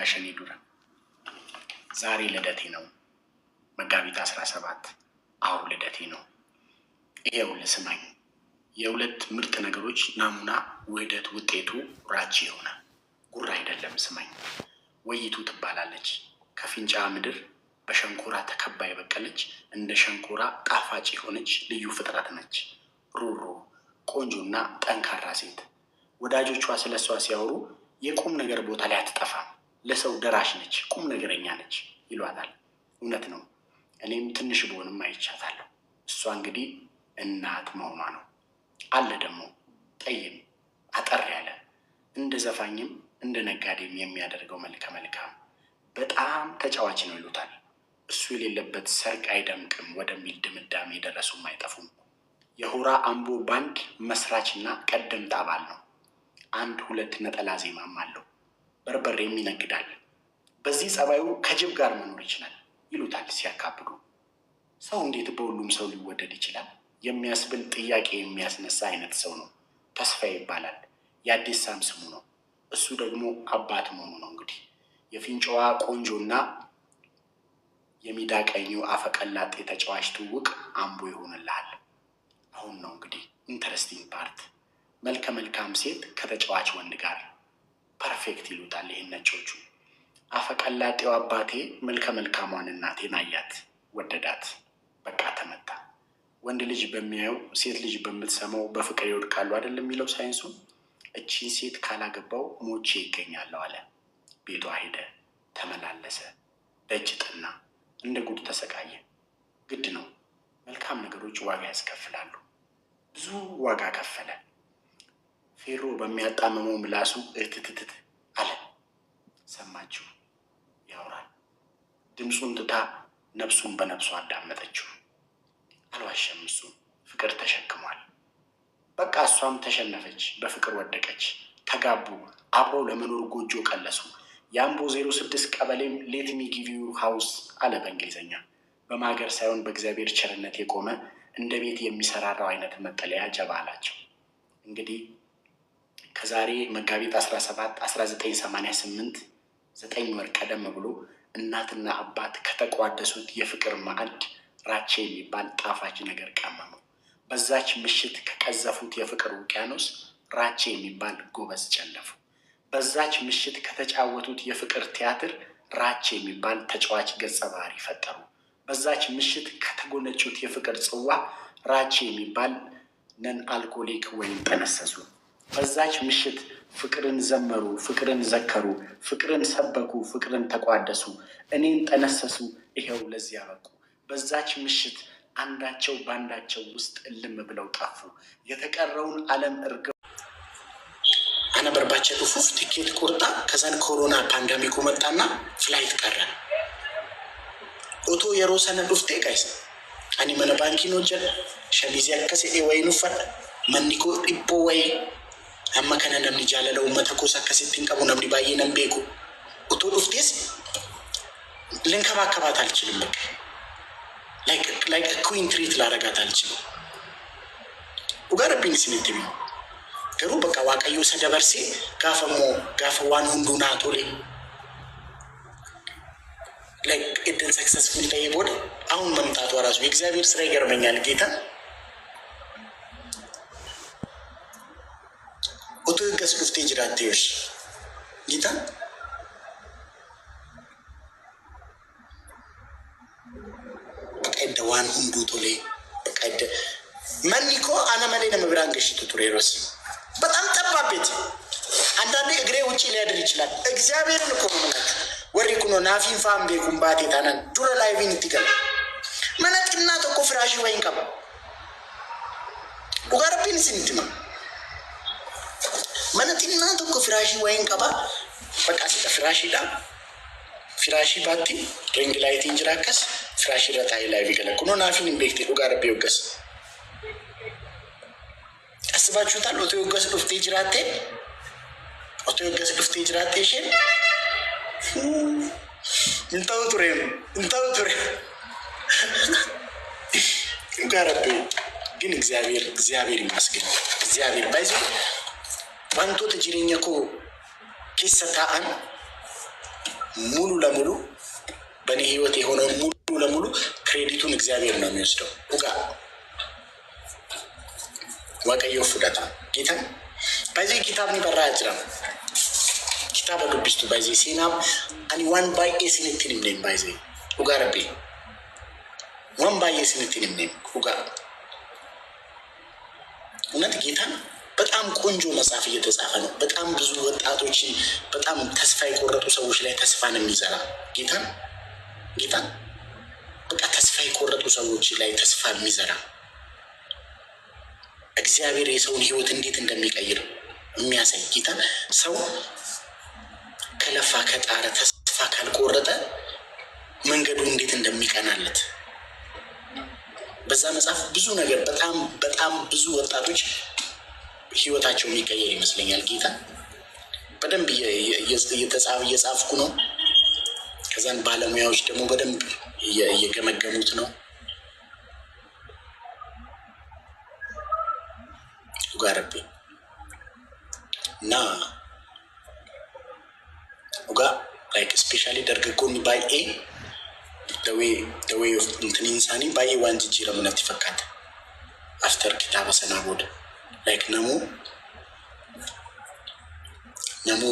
ጋሸኔ ዱራ ዛሬ ልደቴ ነው። መጋቢት አስራ ሰባት አሁ ልደቴ ነው። ይሄው ልስማኝ፣ የሁለት ምርጥ ነገሮች ናሙና ውህደት ውጤቱ ራች የሆነ ጉራ አይደለም። ስማኝ፣ ወይቱ ትባላለች። ከፊንጫ ምድር በሸንኮራ ተከባ የበቀለች እንደ ሸንኮራ ጣፋጭ የሆነች ልዩ ፍጥረት ነች። ሩሩ ቆንጆና ጠንካራ ሴት። ወዳጆቿ ስለሷ ሲያወሩ የቁም ነገር ቦታ ላይ አትጠፋም። ለሰው ደራሽ ነች፣ ቁም ነገረኛ ነች ይሏታል። እውነት ነው። እኔም ትንሽ ብሆንም አይቻታለሁ። እሷ እንግዲህ እናት መሆኗ ነው። አለ ደግሞ ጠይም አጠር ያለ እንደ ዘፋኝም እንደ ነጋዴም የሚያደርገው መልከ መልካም በጣም ተጫዋች ነው ይሉታል። እሱ የሌለበት ሰርግ አይደምቅም ወደሚል ድምዳሜ የደረሱም አይጠፉም። የሁራ አምቦ ባንድ መስራችና ቀደምት አባል ነው። አንድ ሁለት ነጠላ ዜማም አለው። በርበሬም ይነግዳል። በዚህ ጸባዩ ከጅብ ጋር መኖር ይችላል ይሉታል ሲያካብዱ። ሰው እንዴት በሁሉም ሰው ሊወደድ ይችላል የሚያስብል ጥያቄ የሚያስነሳ አይነት ሰው ነው። ተስፋ ይባላል። የአዲስ ሳም ስሙ ነው። እሱ ደግሞ አባት መሆኑ ነው። እንግዲህ የፊንጫዋ ቆንጆና የሚዳቀኙ አፈቀላጤ ተጫዋች ትውውቅ አምቦ ይሆንልሃል። አሁን ነው እንግዲህ ኢንተረስቲንግ ፓርት። መልከ መልካም ሴት ከተጫዋች ወንድ ጋር ፐርፌክት ይሉታል። ይህን ነጮቹ አፈቀላጤው አባቴ መልከ መልካሟን እናቴን አያት፣ ወደዳት፣ በቃ ተመታ። ወንድ ልጅ በሚያየው ሴት ልጅ በምትሰማው በፍቅር ይወድቃሉ አይደለም የሚለው ሳይንሱ። እቺን ሴት ካላገባው ሞቼ ይገኛለሁ አለ። ቤቷ ሄደ፣ ተመላለሰ፣ ደጅ ጥና፣ እንደ ጉድ ተሰቃየ። ግድ ነው፣ መልካም ነገሮች ዋጋ ያስከፍላሉ። ብዙ ዋጋ ከፈለ። ፌሮ በሚያጣምመው ምላሱ እትትትት አለ። ሰማችው፣ ያወራል። ድምፁን ትታ ነፍሱን በነፍሱ አዳመጠችው። አልዋሸም፣ እሱም ፍቅር ተሸክሟል። በቃ እሷም ተሸነፈች፣ በፍቅር ወደቀች። ተጋቡ፣ አብረው ለመኖር ጎጆ ቀለሱ። የአምቦ ዜሮ ስድስት ቀበሌም ሌት ሚ ሀውስ ሃውስ አለ በእንግሊዝኛ። በማገር ሳይሆን በእግዚአብሔር ቸርነት የቆመ እንደ ቤት የሚሰራራው አይነት መጠለያ ጀባ አላቸው። እንግዲህ ከዛሬ መጋቢት 17 1988 ዘጠኝ ወር ቀደም ብሎ እናትና አባት ከተቋደሱት የፍቅር ማዕድ ራቼ የሚባል ጣፋጭ ነገር ቀመሙ። በዛች ምሽት ከቀዘፉት የፍቅር ውቅያኖስ ራቼ የሚባል ጎበዝ ጨለፉ። በዛች ምሽት ከተጫወቱት የፍቅር ቲያትር ራቼ የሚባል ተጫዋች ገጸ ባህሪ ፈጠሩ። በዛች ምሽት ከተጎነጩት የፍቅር ጽዋ ራቼ የሚባል ነን አልኮሊክ ወይም ጠነሰሱ። በዛች ምሽት ፍቅርን ዘመሩ፣ ፍቅርን ዘከሩ፣ ፍቅርን ሰበኩ፣ ፍቅርን ተቋደሱ፣ እኔን ጠነሰሱ፣ ይኸው ለዚህ ያበቁ። በዛች ምሽት አንዳቸው በአንዳቸው ውስጥ እልም ብለው ጠፉ። የተቀረውን ዓለም እርገው ከነበርባቸው ፉፍ ቲኬት ቁርጣ ከዛን ኮሮና ፓንዳሚኩ መጣና ፍላይት ቀረ ኦቶ የሮሰነ ዱፍቴ ቀይሰ አኒ መነ ባንኪን ወጀል ሸሚዚ አከሴ ወይን ውፈድ መኒኮ ኢቦ ወይ amma kana namni jaalala uummata koos akkasitti hin qabu namni baay'ee nan beeku utuu dhuftees ልንከባከባት አልችልም። ላይክ ኩዊን ትሪት ላረጋት አልችልም። ኡጋረቢን ስንት ቢ ገሩ በቃ ዋቀዩ ሰደበርሴ ጋፈ ሞ ጋፈ ዋን ሁንዱ ናቶሌ ላይክ ኢድን ሰክሰስፉል ተይቦድ አሁን መምጣቷ ራሱ የእግዚአብሔር ስራ ይገርመኛል ጌታ Tiranteos. Gitu? Bakka waan hunduu tolee bakka edda manni koo ana malee nama biraan gashitu በጣም ጠባብ አንዳንዴ እግሬ ውጭ ሊያድር ይችላል። እግዚአብሔርን እኮ ምናት ወሪ ኩኖ ናፊን ፋን ቤኩን ባቴ ታናን ዱረ ላይቪን ትገባ መነጥቅና ተኮ ፍራሽ ወይን ቀባ ዱጋርቢን ስንትማ mana xinnaan tokko firaashii wayiin qabaa maqaasidha firaashiidha. Firaashii baatti reengi laayitiin jira akkas firaashii irra taa'ee laayivii gala. Kunuun naaf hin beekte dhugaa rabbi hoggasa. Asibaachuutaan otoo hoggasa dhuftee jiraattee otoo hoggasa dhuftee jiraattee isheen hin ta'u ture hin ta'u ture dhugaa rabbi ግን እግዚአብሔር እግዚአብሔር ይመስገን እግዚአብሔር ባይዞ wantoota jireenya koo keessa taa'an mulu la mulu በእኔ ህይወት የሆነውን ሙሉ ለሙሉ ክሬዲቱን እግዚአብሔር ነው የሚወስደው። ጋ ዋቀዮ ፉዳታ ጌታን በዚህ ኪታብ በራ ጅራም ኪታበ ዱብስቱ ባይዜ ሴናም አኒ ዋን ባይኤ ስንትን ምኔም ባይዜ ኡጋ ረቤ ዋን ባይኤ ስንትን ምኔም ኡጋ እውነት ጌታን በጣም ቆንጆ መጽሐፍ እየተጻፈ ነው። በጣም ብዙ ወጣቶችን በጣም ተስፋ የቆረጡ ሰዎች ላይ ነው የሚዘራ ጌታ ጌታ በቃ ተስፋ የቆረጡ ሰዎች ላይ ተስፋ የሚዘራ እግዚአብሔር የሰውን ሕይወት እንዴት እንደሚቀይር የሚያሳይ ጌታ ሰው ከለፋ ከጣረ ተስፋ ካልቆረጠ መንገዱ እንዴት እንደሚቀናለት በዛ መጽሐፍ ብዙ ነገር በጣም በጣም ብዙ ወጣቶች ህይወታቸው የሚቀየር ይመስለኛል። ጌታ በደንብ እየጻፍኩ ነው። ከዛን ባለሙያዎች ደግሞ በደንብ እየገመገሙት ነው። ጋርብ እና ጋ ላይክ ስፔሻሊ ደርግጎን ባይ ኤ ደዌ እንትን ኢንሳኒ ባይ ዋንጅ ጅረምነት ይፈካት አፍተር ኪታበ ሰናጎድ like namu namu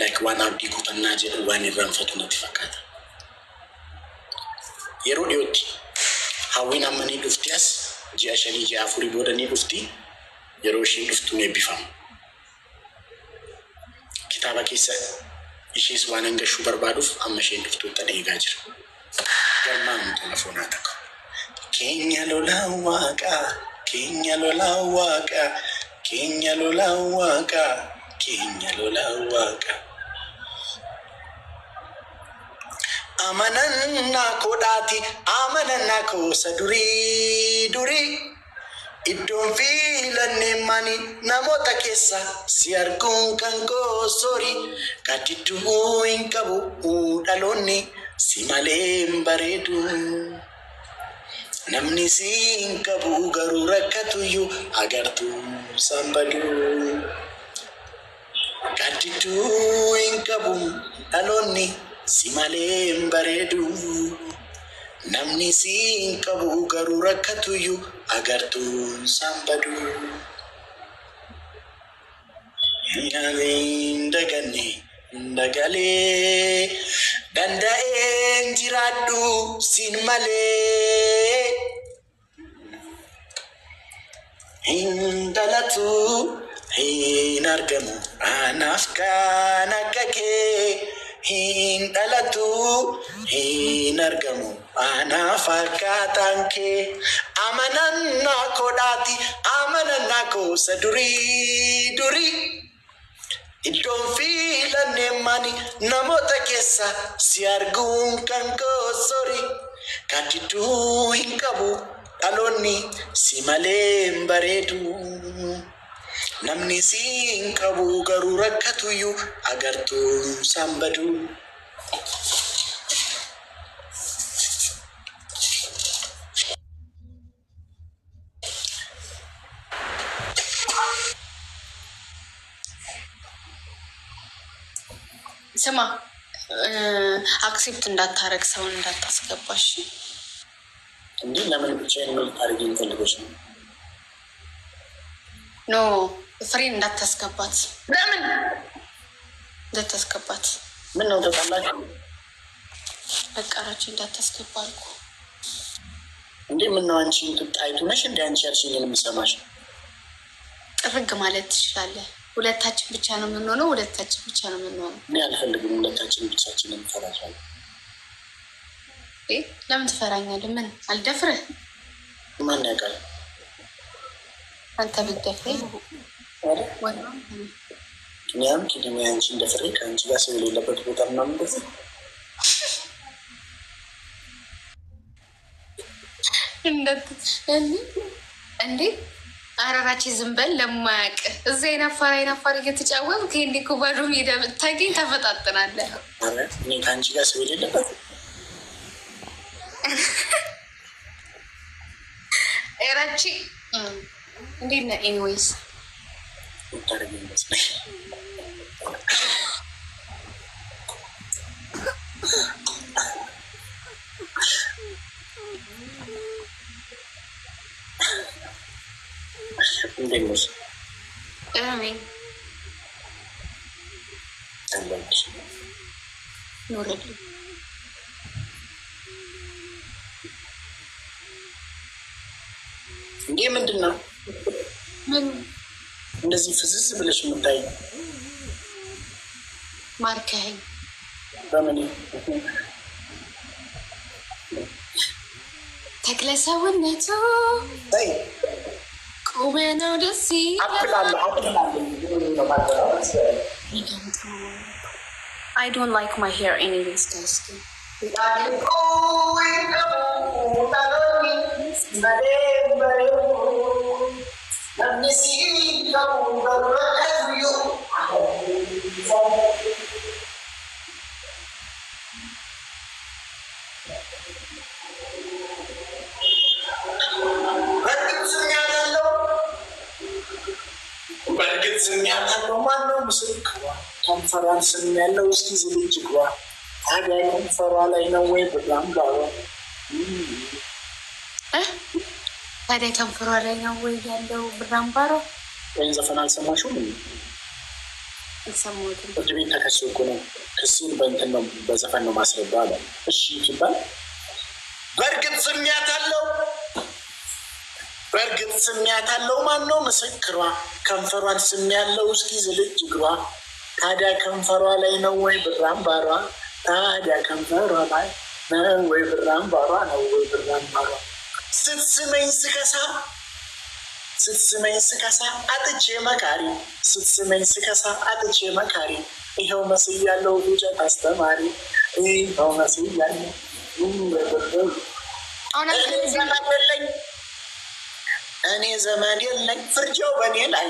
like waan abdii kutannaa jedhu waan irraanfatu natti fakkaata. Yeroo dhiyootti hawwiin amma ni dhufti as ji'a shanii ji'a afurii booda ni dhufti yeroo isheen dhuftu ni eebbifamu. Kitaaba keessa ishees waan hangashuu barbaaduuf amma isheen dhuftu tan eegaa jira. Garmaan tola foonaa takka. Keenya lolaa waaqaa. waka, waka, ኬኛ ሎላዋቃ ኬኛ ሎላዋቃ ኬኛ ሎላዋቃ amanannaa koodhaati amanannaa koosa durii durii iddoon fiilanneen namoota keessa si arguun kan koosori gaddiduu hin qabu dhaloonni si malee bareedu. Namni siin qabu garuu rakkatuyyuu agartuu sambaduu. Gaaddidduu hin qabu dhaloonni si malee hin bareedu. Namni garu qabu garuu rakkatuyyuu agartuu sambaduu. Nyaanni daganne dagalee danda'een jiraadhu siin malee. indalatu hin argamu anaaf kan akka kee hin dhalatu hin argamu anaaf akkaataan kee amanannaa koo dhaati amanannaa koo isa durii durii iddoon fiilannee maani namoota keessa si arguun kan koo sori kaatituu hin qabu. dhaloonni si malee hin bareedu. Namni si hin qabu garuu rakkatuyyuu agartuun saanbadu. ስማ አክሴፕት እንዳታረግ ሰውን እንዳታስገባሽ እንዲህ ለምን ብቻዬን ምልክ አድርጌ ፈልጎች ነው ኖ ፍሬን እንዳታስገባት ለምን እንዳታስገባት ምን ነው ተጣላችሁ? በቃራችሁ እንዳታስገባ አልኩ። እንዴ ምን ነው አንቺ ጣይቱ ነሽ? እንደ አንቺ ያልሽኝ የምሰማሽ። ጥርግ ማለት ትችላለህ። ሁለታችን ብቻ ነው የምንሆነው። ሁለታችን ብቻ ነው የምንሆነው። እኔ አልፈልግም። ሁለታችን ብቻችን እንፈራለን። ለምን ትፈራኛለህ? ምን አልደፍርህ? ማን ያውቃል? አንተ ብትደፍሬ ኪኒያም ኪኒም አንቺን ደፍሬ ከአንቺ ጋር ሰው የሌለበት ቦታ ምናምን ደፍ እንዴ አረራች ዝንበል ለማያቅ እዚ እዛ የናፋር አይናፋር እየተጫወትክ እንዲ ባዶ ሜዳ ብታገኝ ተፈጣጥናለ እኔ ከአንቺ ጋር ሰው የሌለበት አንቺ እንዴት ነህ? ኤኒዌይስ እንዴት ይህ ምንድን ነው? ምን እንደዚህ ፍዝዝ ብለሽ የምታይ ማርከኝ በምን ተክለ ሰውነቱ ቁመናው ደስ I don't like my hair any these days. ኮንፈረንስ ያለው እስኪ ዝግጅት ዋ ታዲያ ኮንፈሯ ላይ ነው ወይ በጣም ባሏ ታዲያ ከንፈሯ ላይ ነው ወይ ያለው ብራምባሯ? ወይም ዘፈን አልሰማሽውም? አልሰማሁትም። ፍርድ ቤት ተከሶ እኮ ነው። ክሱን በእንትን ነው በዘፈን ነው ማስረዳ አለ። እሺ ሲባል በእርግጥ ስሚያት አለው በእርግጥ ስሚያት አለው። ማን ነው ምስክሯ? ከንፈሯን ስሚያለው እስኪ ዝልጅ ግሯ። ታዲያ ከንፈሯ ላይ ነው ወይ ብራምባሯ? ታዲያ ከንፈሯ ላይ ነው ወይ ብራምባሯ? ነው ወይ ብራምባሯ ስትስመኝ ስከሳ ስትስመኝ ስከሳ አጥቼ መካሪ ስትስመኝ ስከሳ አጥቼ መካሪ ይኸው መስያለው ውጨት አስተማሪ ይኸው መስያለው ዘመን የለኝ እኔ ዘመን የለኝ ፍርጃው በእኔ ላይ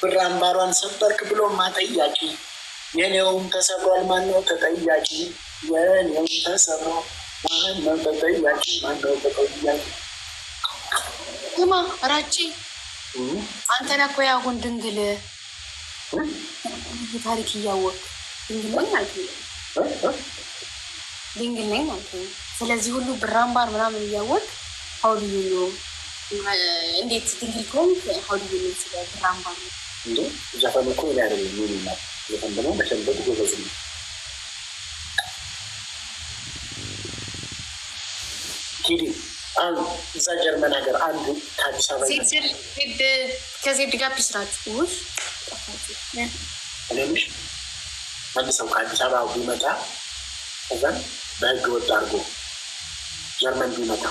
ብር አምባሯን ሰበርክ ብሎ ማጠያቂ የኔውም ተሰብሯል ማነው ተጠያቂ የኔውም ተሰብሮ ማነው ተጠያቂ ማነው ተጠያቂ ግማ ራጭ አንተ ነህ እኮ ያሁን ድንግል ታሪክ እያወቅ ድንግልኝ ነኝ ድንግል ነኝ ስለዚህ ሁሉ ብራምባር ምናምን እያወቅ ሀውልዩ እንዴት ድንግል ከሆን ሀውልዩ ስለ ብራምባር ነው። እኮ ላይ ዘፈን ደግሞ ጎበዝ ነው። አሉ እዛ ጀርመን ሀገር አንዱ ከአዲስ አበባ ከዜድ ጋር ቢስራት ከአዲስ አበባ ቢመጣ እዛን በህገ ወጥ አድርጎ ጀርመን ቢመጣ